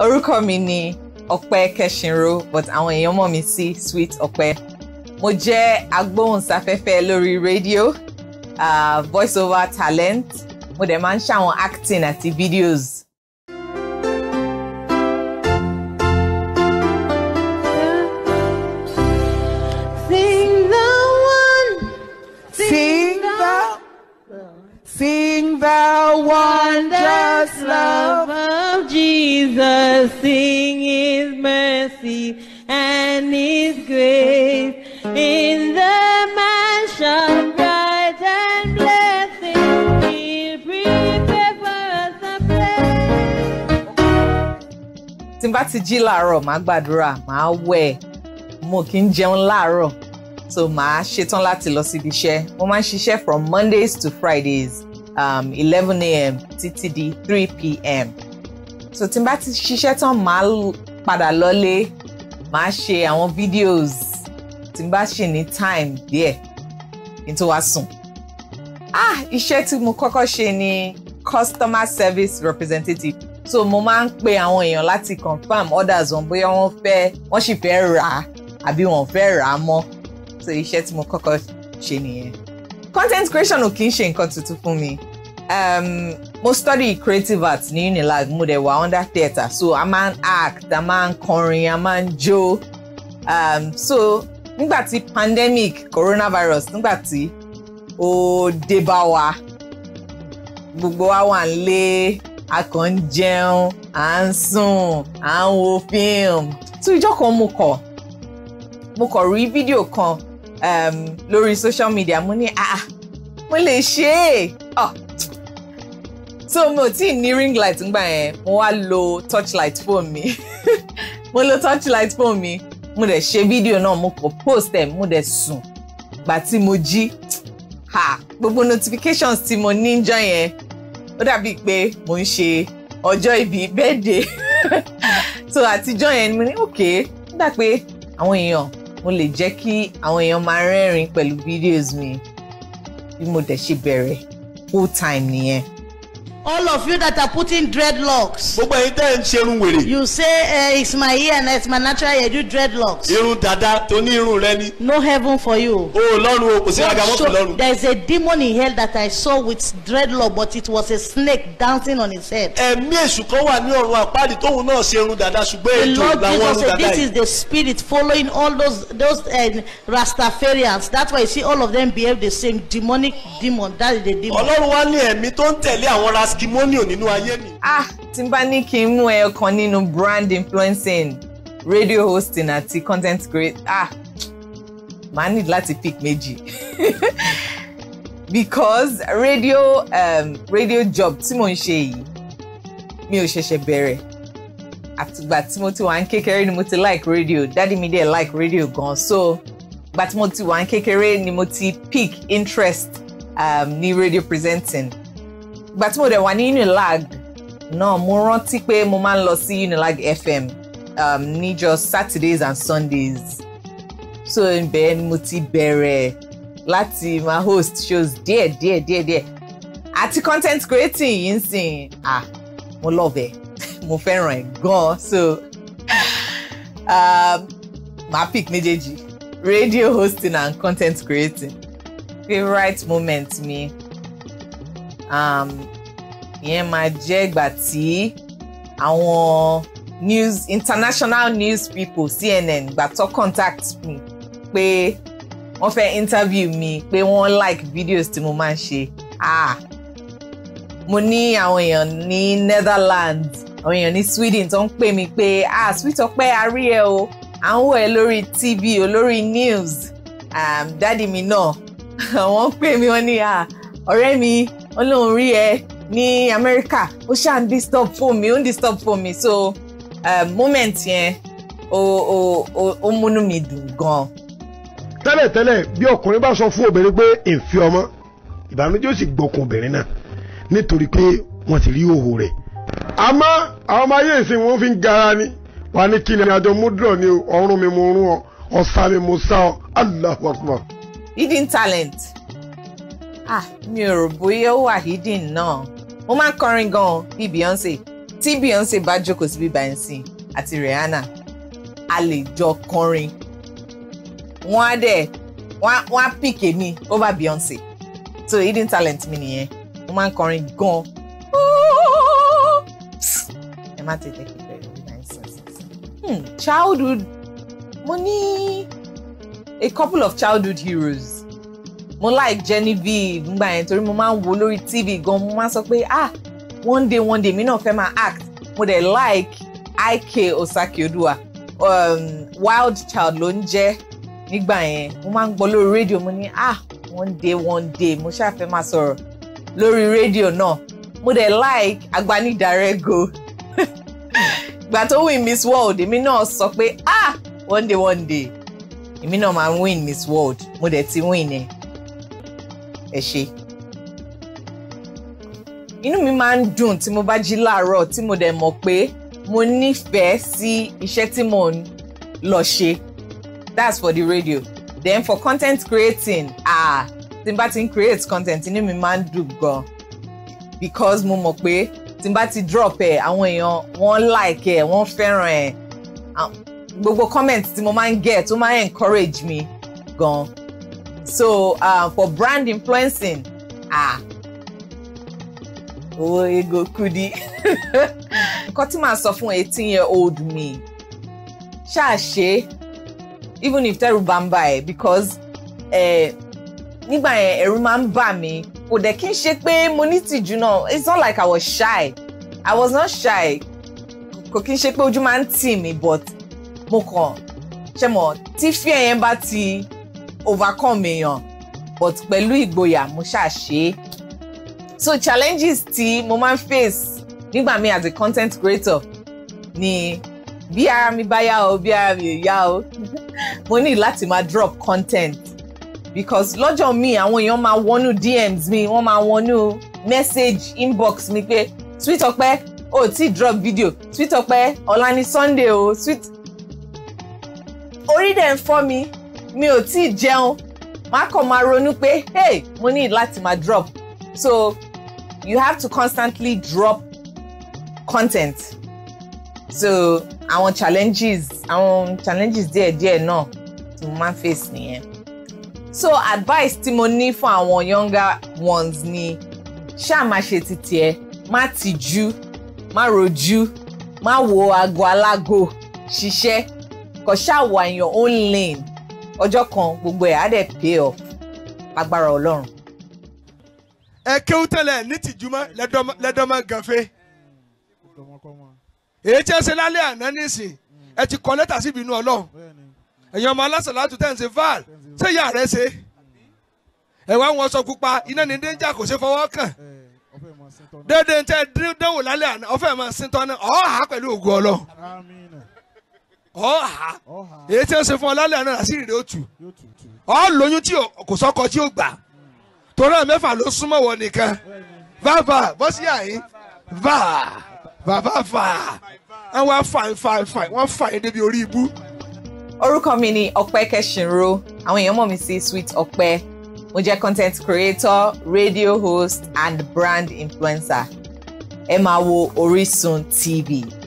orúkọ mi ni ọpẹ kẹsìnro but àwọn èèyàn mọ̀ mí sí sweet ọpẹ mo jẹ́ agbóhùnsáfẹ́fẹ́ lórí rédíò uh, voice over talent mo dẹ̀ máa ń ṣàwọn acting àti videos His mercy and His grace in the mansion bright and blessing. He'll prepare a place. tí n bá ti jí láàárọ̀ màá gbàdúrà màá wẹ̀ mo kì í jẹun láàárọ̀ so màá ṣetán láti lọ síbi iṣẹ́ mo máa ń ṣiṣẹ́ from Mondays to Fridays um, 11 a.m. títí di 3 p.m so tí n bá ti ṣiṣẹ́ tán màá padà lọ́lé màá ṣe àwọn videos tí n bá ṣì ní time díẹ̀ kí n wá sùn. ah iṣẹ́ tí mo kọ́kọ́ ṣe ni customer service representative so mo máa ń pe àwọn èèyàn láti confirm orders wọn bóyá wọ́n fẹ́ wọ́n sì fẹ́ rà á àbí wọ́n fẹ́ rà á mọ́ so iṣẹ́ tí mo kọ́kọ́ ṣe nìyẹn. content creation ò kì í ṣe nǹkan tuntun fún mi um, mo study creative arts ní unilag mo dẹ̀ wà under theatre so a máa ń act a máa ń kọrin a máa ń jó um, so nígbà tí pandemic coronavirus nígbà tí ó dé bá wa gbogbo wa wà nílé a kàn ń jẹun à ń sùn à ń wo fíìmù so ìjọ kan mo kọ mo kọ rí fídíò kan um, lórí social media mo ní ah, ah mo lè ṣe é. Oh, so mi ò tí ì ní ring light ńgbà yẹn mo wá lo torchlight phone mi mo lo torchlight phone mi mo dẹ̀ ṣe fídíò náà mo kò post ẹ̀ mo dẹ̀ sùn gbà tí mo jí ha gbogbo notifications tí mo ní jọ yẹn ó dàbí pé mo ń ṣe ọjọ́ ìbí birthday so àtijọ́ yẹn mo ní okay ó dà pé àwọn èèyàn mo lè jẹ́ kí àwọn èèyàn máa rẹ́rìn pẹ̀lú videos mi bí mo dẹ̀ ṣe bẹ̀rẹ̀ full time nìyẹn all of you that are putting dreadlocks. gbogbo ẹ̀yin tẹ́ ń ṣerun wèrè. you say uh, it's my hair and it's my natural hair do dreadlocks. irun dada tó ní irun rẹ ni. no heaven for you. o lọ́run o kò sí àgàmọ́tò lọ́run. there is a demon in hell that I saw with dreadlock but it was a snake dancing on his head. ẹ̀mí èṣù kan wà ní ọ̀run àpáàdì tóun náà ṣe irun dada ṣùgbọ́n ètò làwọn irun dada yìí. the lord jesus said this is the spirit following all those those uh, rastafarians that's why you see all of them behave the same demonic demon that is the demon. ọlọ́run wá ní ẹ̀mí tó ń tẹ̀lé àwọn rastafarians paskimonio nínú ayé mi. ah tí n bá ní kí n mú ẹyọkan nínú brand influencing radio hosting àti content create ah màá need láti pick méjì because radio um, radio job tí mò ń ṣe yìí mi ò ṣẹ̀ṣẹ̀ bẹ̀rẹ̀ àtìgbà tí mo ti wà ń kékeré ni mo ti like radio Daddy mi dẹ̀ like radio gan so ìgbà tí mo ti wà ń kékeré ni mo ti pick interest um, ní radio presenting ìgbà tí mo dẹ̀ wà ní Unilag náà mo rántí pé mo máa ń lọ sí Unilag FM um, níjọ́ Saturdays and Sundays so ibẹ̀ ni mo ti bẹ̀rẹ̀ láti máa host shows díẹ̀ díẹ̀ díẹ̀ díẹ̀ àti content creating yìí ń sìn ah mo love ẹ mo fẹ́ràn ẹ gan so um, màá pick méjèèjì radio hosting and content creating favourite moment mi. Me Um, ìyẹn máa jẹ́ ìgbà tí àwọn news international news people CNN gbà tó contact me. pé wọ́n fẹ́ interview mi pé wọ́n like videos tí mo máa ń ṣe ah mo ní àwọn èèyàn ní Netherlands àwọn èèyàn ní Sweden tó ń pè mí pé ah sweet ọpẹ́ arí ẹ o à ń wò ẹ lórí TV o lórí news um, dáàdi mi náà wọ́n pè mí wọ́n ní ah ọ̀rẹ́ mi Ọlọ́run rí ẹ ní Amẹ́ríkà ó ṣáà ń disturb phone mi ó ń disturb phone mi so uh, moment yẹn ó ó ó múnú mi dùn gan. tẹ́lẹ̀tẹ́lẹ̀ bí ọkùnrin bá sọ fún obìnrin pé èéfín ọmọ ìbànújẹ́ ó sì gbọ̀kùn obìnrin náà nítorí pé wọ́n ti rí òhò rẹ̀. àmọ́ àwọn ọmọ ayé ìsìn wọn fi ń gara ni wà á ní kí ni àjọ múdùrọ̀ ni ọrùn mi mo rún ọ ọ̀sà mi mo sá ọ Allahu Akbar. hidden talent ah mi ò rò bóyá ó wà hidden náà mo máa ń kọrin gan-an Beyonce tí Beyonce bá jókòó síbí báyìí sí àti Rihanna a lè jọ kọrin wọ́n á dẹ̀ wọ́n á pick èmi over Beyonce so hidden talent mi nìyẹn mo máa ń kọrin gan ẹ má tètè kí bẹ̀rẹ̀ ní nonsense hmm, childhood mo ní a couple of childhood heroes mo like Genevieve nígbà yẹn torí mo máa ń wo lórí tv gan mo máa sọ pé ah one day one day mi náà fẹ́ máa act mo dẹ̀ like Ike Osakioduwa um, wild child ló ń jẹ́ nígbà yẹn mo máa ń gbọ́ lórí rédíò mo ní ah one day one day mo ṣáà fẹ́ máa sọ̀rọ̀ lórí rédíò náà mo dẹ̀ like Agbanidarego ìgbà tó win Miss World èmi náà sọ pé ah one day one day èmi náà máa win Miss World mo dẹ̀ ti win ẹ̀ ẹ ṣe. inú mi máa ń dùn tí mo bá jí láàárọ̀ tí mo dẹ̀ mọ̀ pé mo nífẹ̀ẹ́ sí iṣẹ́ tí mo ń lọ ṣe that's for the radio then for content creating ah tí n bá ti ń create content inú mi máa ń dùn gan because mo mọ̀ pé tí n bá ti drop ẹ̀ àwọn èèyàn wọ́n like ẹ̀ wọ́n fẹ́ràn ẹ̀ ah, gbogbo comment tí mo máa ń get ó máa ń encourage mi gan so uh, for brand influencing ah owó oh, ego kudi nǹkan tí màá sọ fún eighteen year old me ṣáà even if tẹ́rù bá ń bà ẹ́ because eh, nígbà yẹn ẹ̀rù máa ń bà mí kò dẹ̀ kí n ṣe pé mo ní tìjú náà it's not like I was shy I was not shy kò kí n ṣe pé ojú máa ń tì mí but mo kàn ṣe mọ̀ tí fíẹ̀ yẹn bá ti overcome èèyàn but pẹ̀lú ìgboyà mo ṣáà ṣe so challenges tí mo máa ń face nígbà mi as a content creator ni bí ara mi bá yá o bí ara mi ò yá o mo ní láti máa drop content because lọ́jọ́ mi àwọn èèyàn máa wọnú DMs mi wọ́n máa wọnú message inbox mi pé sweet ọpẹ́ o oh, ti drop video sweet ọpẹ́ ọ̀la ni Sunday o oh, sweet orí dẹ̀ ń fọ́ mi mi ò tí ì jẹun màá kàn máa ronú pé hey mo ní láti máa drop so you have to constantly drop content so àwọn challenges àwọn challenges díẹ̀díẹ̀ náà tí mo máa ń face nìyẹn so advice tí mo ní fún àwọn younger ones ni ṣáà máa ṣe ti tiẹ̀ má tìjú má rojú má wo aago alágo ṣiṣẹ́ kò ṣáà wà in your own lane ọjọ́ kan gbogbo ẹ̀ á dẹ̀ pé ọ agbára ọlọ́run. ẹ kéwú tẹ́lẹ̀ ní tìjúmọ́ lẹ́dọ́mọ́ gànfẹ́. èyí tí ẹ ṣe lálẹ́ àná nísìn ẹ ti kọ lẹ́tà síbi inú ọlọ́run ẹ̀yin ọmọ alásàlátù tẹ̀ ń ṣe val ṣé ìyá rẹ ṣe ẹ wá wọn sọ pupa iná ní dénjà kò ṣe fọwọ́ kàn dédé tẹ dánwò lálẹ́ àná ọ̀fẹ́ máa sin tán ọ̀hà pẹ̀lú ògùn ọlọ́run ọ̀hà èyí tí wọ́n ṣe fún ọ lálẹ́ náà àṣírí rẹ̀ ó tù ọ́ lóyún tí kò sọ́kọ tí ó gbà torí àwọn mẹ́fà ló súnmọ́ wọ nìkan vava bọ́ sí àyín va bàbá fà á wọ́n fà ń fà ń fà wọ́n fà yín débi orí ibú. orúkọ mi ni ọpẹ kẹsìnro àwọn èèyàn mọ̀ mí sí sweet ọpẹ mo jẹ́ content creator radio host and brand influencer ẹ máa wo Orísun TV.